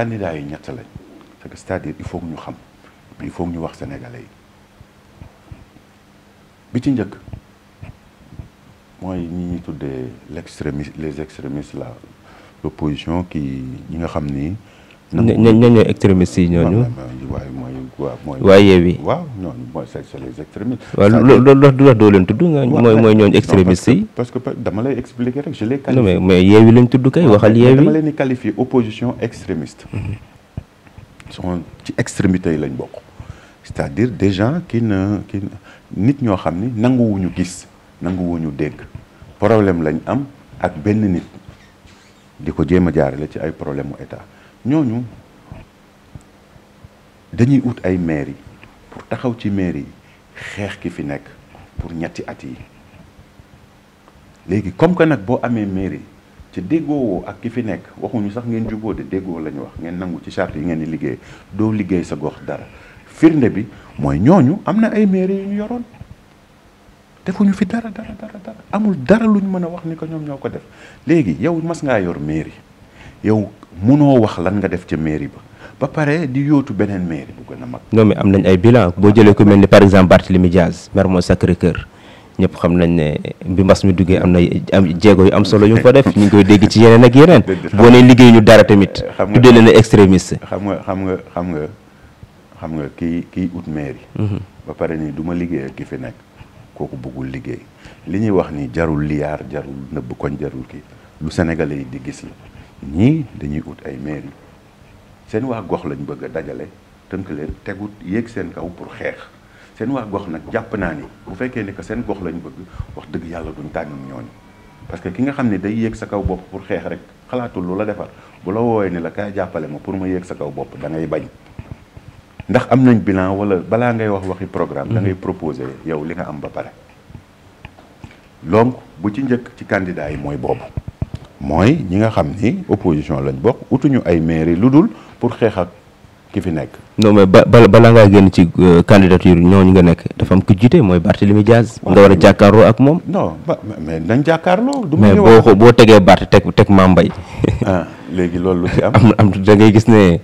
candidat yi ñett lañ parce que cest il faut ñu xam mais il faut ñu wax sénégalais yi bi ci njëkk mooy ñu ñuy tuddee l'extrémiste les extrémistes la l'opposition kii ñi nga xam ni. ñooñu ñooñu extrémistes yi ñooñu. waaw waaw mooy. waaye yeewi waaw ñooñu mooy c'est les extrémistes. waaw loolu du wax doo leen tudd. mooy mooy ñooñu extrémistes yi. parce que dama lay expliquer rek je l'ai qualifié. non mais yeewi lañ tudd kay waxal yeewi. dama mhm. ci extrémité yi lañ bokk. c'est-à-dire des gens qui nit ñoo xam ni nanguwuñu gis nanguwuñu dégg problème lañ am ak benn nit di ko jéem a jaarale ci ay problème mu état ñooñu. dañuy ut ay maires yi pour taxaw ci maires yi xeex ki fi nekk pour ñetti at yi léegi comme que nag boo amee maire yi ci déggoowoo ak ki fi nekk waxuñu sax ngeen juboo de déggoo la ñu wax ngeen nangu ci charte yi ngeen di liggéey doo liggéey sa gox dara firnde bi mooy ñooñu am na ay maire yu ñu yoroon defuñu fi dara dara dara amul dara luñ mën a wax ni ko ñoom ñoo ko def léegi yow mas ngaa yor mairie yow munoo wax lan nga def ca mairie ba ba pare di yóotu beneen mairie bu na a mag. non mais am nañ ay bilan boo jëlee ku mel ni par exemple Barthélemy Diaz maire moo Sacré Cœur ñëpp xam nañ ne bi mbas mi duggee am na am jéego yu am solo yu mu fa def ñu ngi koy dégg ci yeneen ak yeneen. boo nee liggéey ñu dara tamit. xam nga tuddee leen extrémiste. xam nga xam nga xam nga xam nga kii kii ut mairie. Mhm. ba pare nii du ma liggéey ak ki fi nekk kooku bëggul liggéey li ñuy wax ni jarul liyaar jarul nëbb koñ jarul ki lu Sénégalais di gis ñii dañuy ut ay mairie. seen waa gox lañ bëgg a dajale tënk leen tegut yéeg seen kaw pour xeex seen waa gox nag jàpp naa ni bu fekkee ne que seen gox lañu bëgg wax dëgg yàlla duñ tànnum ñooñu parce que ki nga xam ne day yéeg sa kaw bopp pour xeex rek xalaatul lu la defar bu la woowee ni la kaay jàppale ma pour ma yéeg sa kaw bopp da ngay bañ ndax am nañ bilan wala balaa ngay wax waxi programme da ngay mm-hmm. yow li nga am ba pare donc bu ci njëkk ci candidat yi mooy boobu mooy ñi nga xam ni opposition lañ bokk utuñu ay mairie lu dul pour xeex ak ki fi nekk. non mais ba bala ngaa génn ci euh, candidature ñooñu nga nekk dafa am ku jiite mooy Barthélemy Diaz. nga war a jàkkaarloo ak moom. non mais nañ jàkkaarloo. du mais boo ko boo tegee Barth teg teg Mame Mbaye. ah léegi loolu lu ci am. am am da ngay gis ne.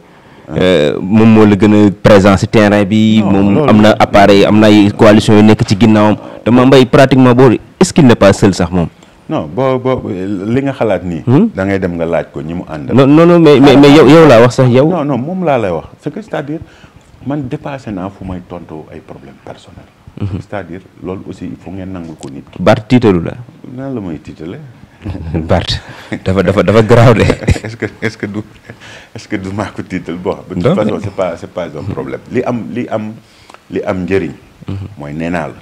Ah. Euh, moom moo la gën a présent ci terrain bi. moom am na appareil am na ay coalition yu nekk ci ginnaawam. Ah. te mbay Mbaye pratiquement boo est-ce qu'il sax moom. non boo boo li nga xalaat nii. Hmm? da ngay dem nga laaj ko ñi mu ànd. non non mais mais mais laa wax sax yow. non non moom laa lay wax c'est que à dire man dépassé naa fu may tontu ay problème personnel mhm. c'est-à-dire loolu aussi il ngeen nangul ko nit ki. Bart tiitalu la. nan la may tiitale. Bart dafa dafa dafa garaaw de. est-ce que est-ce que du est-ce que du maa ko tiital bon. de toute façon c'est pas un mhm. problème. li am li am li am njëriñ. Mhm. mooy nee naa la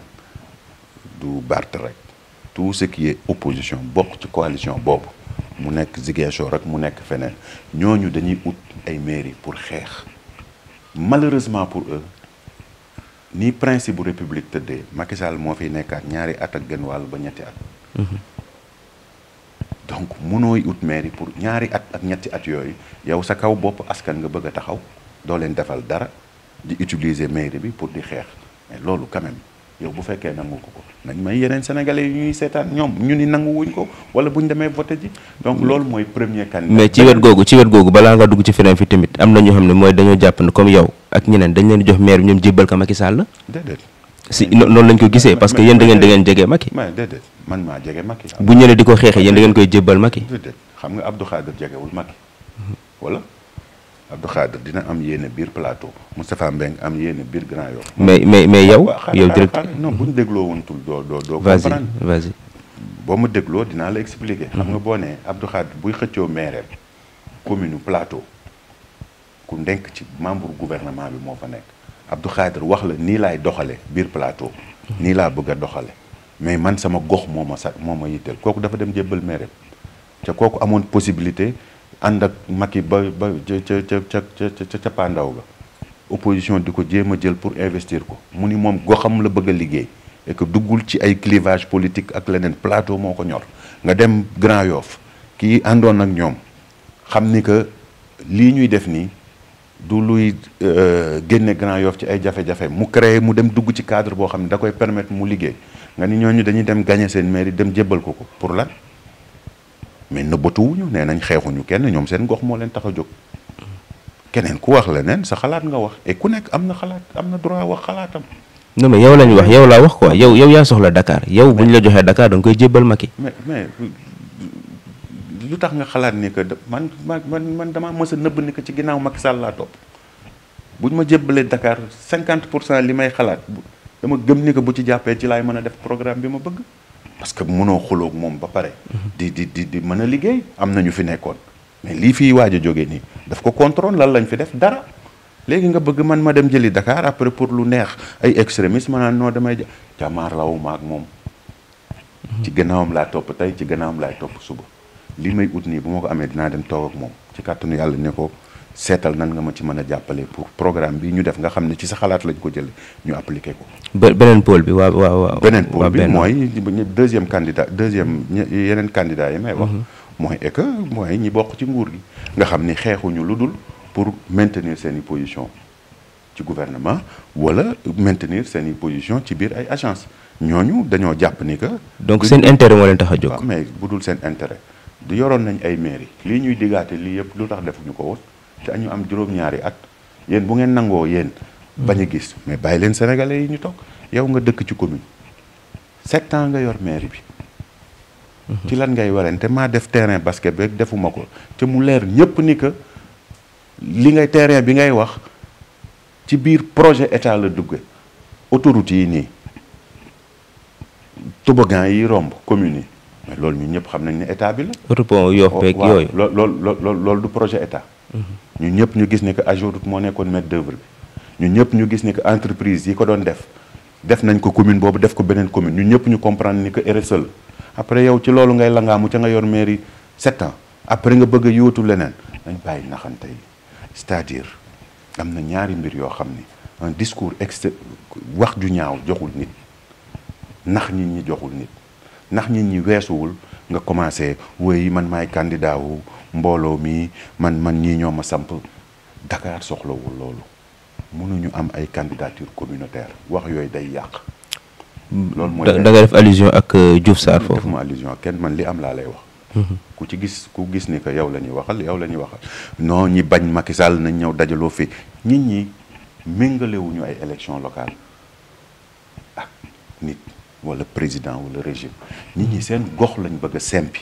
du Bart rek. tout ce qui est opposition bokk ci coalition boobu mu nekk Ziguinchor rek mu nekk feneen ñooñu dañuy ut ay mairie pour xeex malheureusement pour eux ni principe bu république tëddee Macky moo fiy nekkaat ñaari at ak genn wàll ba ñetti at. donc mënooy ut mairie pour ñaari at ak ñetti at yooyu yow sa kaw bopp askan nga bëgg a taxaw doo leen defal dara di utiliser mairie bi pour di xeex mais loolu quand yow bu fekkee nangu ko ko nañ may yeneen sénégalais yu ñuy seetaan ñoom ñu ni nangu wuñ ko wala buñ demee voté ji donc mm. loolu mooy premier candidat mais ci wet googu ci wet googu balaa nga dugg ci feneen fi tamit am na ñoo xam ne mooy dañoo jàpp ne comme yow ak ñeneen dañ leen jox maire bi ñoom jébbal ko Macky Sall déedéet noonu lañ ko gisee parce que yéen da ngeen da ngeen jege Macky mais déedéet maa jege Macky bu ñëwee di ko xeexee yéen da ngeen koy jébbal Macky xam nga Abdou Khadir jegewul Macky wala mm-hmm. Abdou Khader dina am yéene biir plateau Moustapha Mbeng am yéene biir Grand Yoff. mais mais mais ah, yow. yow direct non bu dégloo woon tul doo doo doo. comprendre vas-y boo ma dégloo dinaa la expliquer. xam nga mhm. boo nee Abdou Khader buy xëccoo maireem commune plateau ku ndenk ci membre gouvernement bi moo fa nekk Abdou Khader wax la nii laay doxale biir plateau. Mhm. nii laa bëgg doxale mais man sama gox moo ma sa moo ma yitteel kooku dafa dem jébbal maireem te kooku amoon possibilité. ànd ak Macky ba ba ca ca ca ca ca cappaandaw ga opposition di ko jéem a jël pour investir ko mu ni moom goxam la bëgg a liggéey et que duggul ci ay clivage politique ak leneen plateau moo ko ñor nga dem Grand Yoff kii àndoon ak ñoom xam ni que lii ñuy def nii du luy euh, génne Grand Yoff ci ay jafe-jafe mu créé mu dem dugg ci cadre boo xam ne da koy permettre mu liggéey nga ni ñooñu dañuy dem gagner seen mairie dem jébbal ko ko pour lan mais nëbbatuwuñu nee nañ xeexuñu kenn ñoom seen gox moo leen tax a jóg keneen ku wax leneen sa xalaat nga wax ku nekk am na xalaat am na droit wax xalaatam. non mais yow lañu wax yow laa wax ko yow yow yaa soxla dakaar yow bu ñu la joxee Dakar da nga koy jébbal Macky. mais mais lu tax nga xalaat ni que man man man damaa mës a nëbb ni ci ginnaaw Macky Sall laa bu ñu ma jébbalee dakaar 50 pour cent li may xalaat dama gëm ni que bu ci jàppee ci laay mën a def programme bi ma bëgg. parce que mënoo xuloog moom ba pare. Mhm. di di di di mën a liggéey am na ñu fi nekkoon mais lii fii waaj a jógee nii daf ko contrôle lan lañ fi def dara léegi nga bëgg man ma dem jëli Dakar après pour lu neex ay extrémistes ma naan noo damay ja la lawu maak moom. Mhm. ci gannaawam laa topp tey ci gannaawam laay topp suba. lii may ut nii bu ma ko amee dinaa dem toog moom ci kàttanu yàlla ne ko. seetal nan nga ma ci mën a jàppale pour programme bi ñu def nga xam ne ci sa xalaat lañ ko jële ñu appliqué ko. beneen pôle bi waaw waaw beneen pôle bi mooy deuxième candidat deuxième yeneen candidat yi may wax. Mhm. mooy est que mooy ñi bokk ci nguur gi. nga xam ni xeexuñu lu dul pour maintenir seen i position ci gouvernement wala maintenir seen i position ci biir ay agence ñooñu dañoo jàpp ni que. donc seen intérêt moo leen tax a jóg. mais bu seen intérêt du yoroon nañ ay mairie lii ñuy digaate lii yëpp lu tax defuñu ko woon. te ñu am juróom-ñaari at yéen bu ngeen nangoo yéen bañ a gis mais bàyyi leen sénégalais yi ñu toog yow nga dëkk ci commune sept nga yor mairie bi mhm. ci lan ngay warante ma def terrain basket bi defuma ko te mu leer ñëpp ni que li ngay terrain bi ngay wax ci biir projet état la dugge autoroute yi nii tobogan yi romb commune yi mais loolu ñun ñëpp xam nañ ne état bi la. Oh, lool lool du projet état. Mhm. ñu ñëpp ñu gis ne que AGEROUTE moo nekkoon maître d'œuvre bi ñu ñëpp ñu gis ne que entreprise yi ko doon def def nañ ko commune boobu def ko beneen commune ñu ñëpp ñu comprendre ni que RSE la après yow ci loolu ngay langaamu ca nga yor mairie sept ans après nga bëgg a yóotu leneen nañ bàyyi naxante yi cest am na ñaari mbir yoo xam ni un discours ex wax ju ñaaw joxul nit nax nit ñi joxul nit ndax nit ñi weesuwul nga commencé woy man maay candidat wu mbooloo mi man man ñi ñoo ma samp dakaar soxlawul loolu mënuñu am ay candidature communautaire wax yooyu day yàq. loolu mooy da nga def allusion ak euh, Diouf Sarr foofu. defuma allusion kenn man li am laa lay wax. Mhm. ku ci gis ku gis ni que yow la ñuy waxal yow la ñuy waxal non ñi bañ Macky Sall nañ ñëw dajaloo fi nit ñi méngalewuñu ay élection locale ak ah, nit. wala président wala régime nit ñi seen gox lañ bëgg a sempi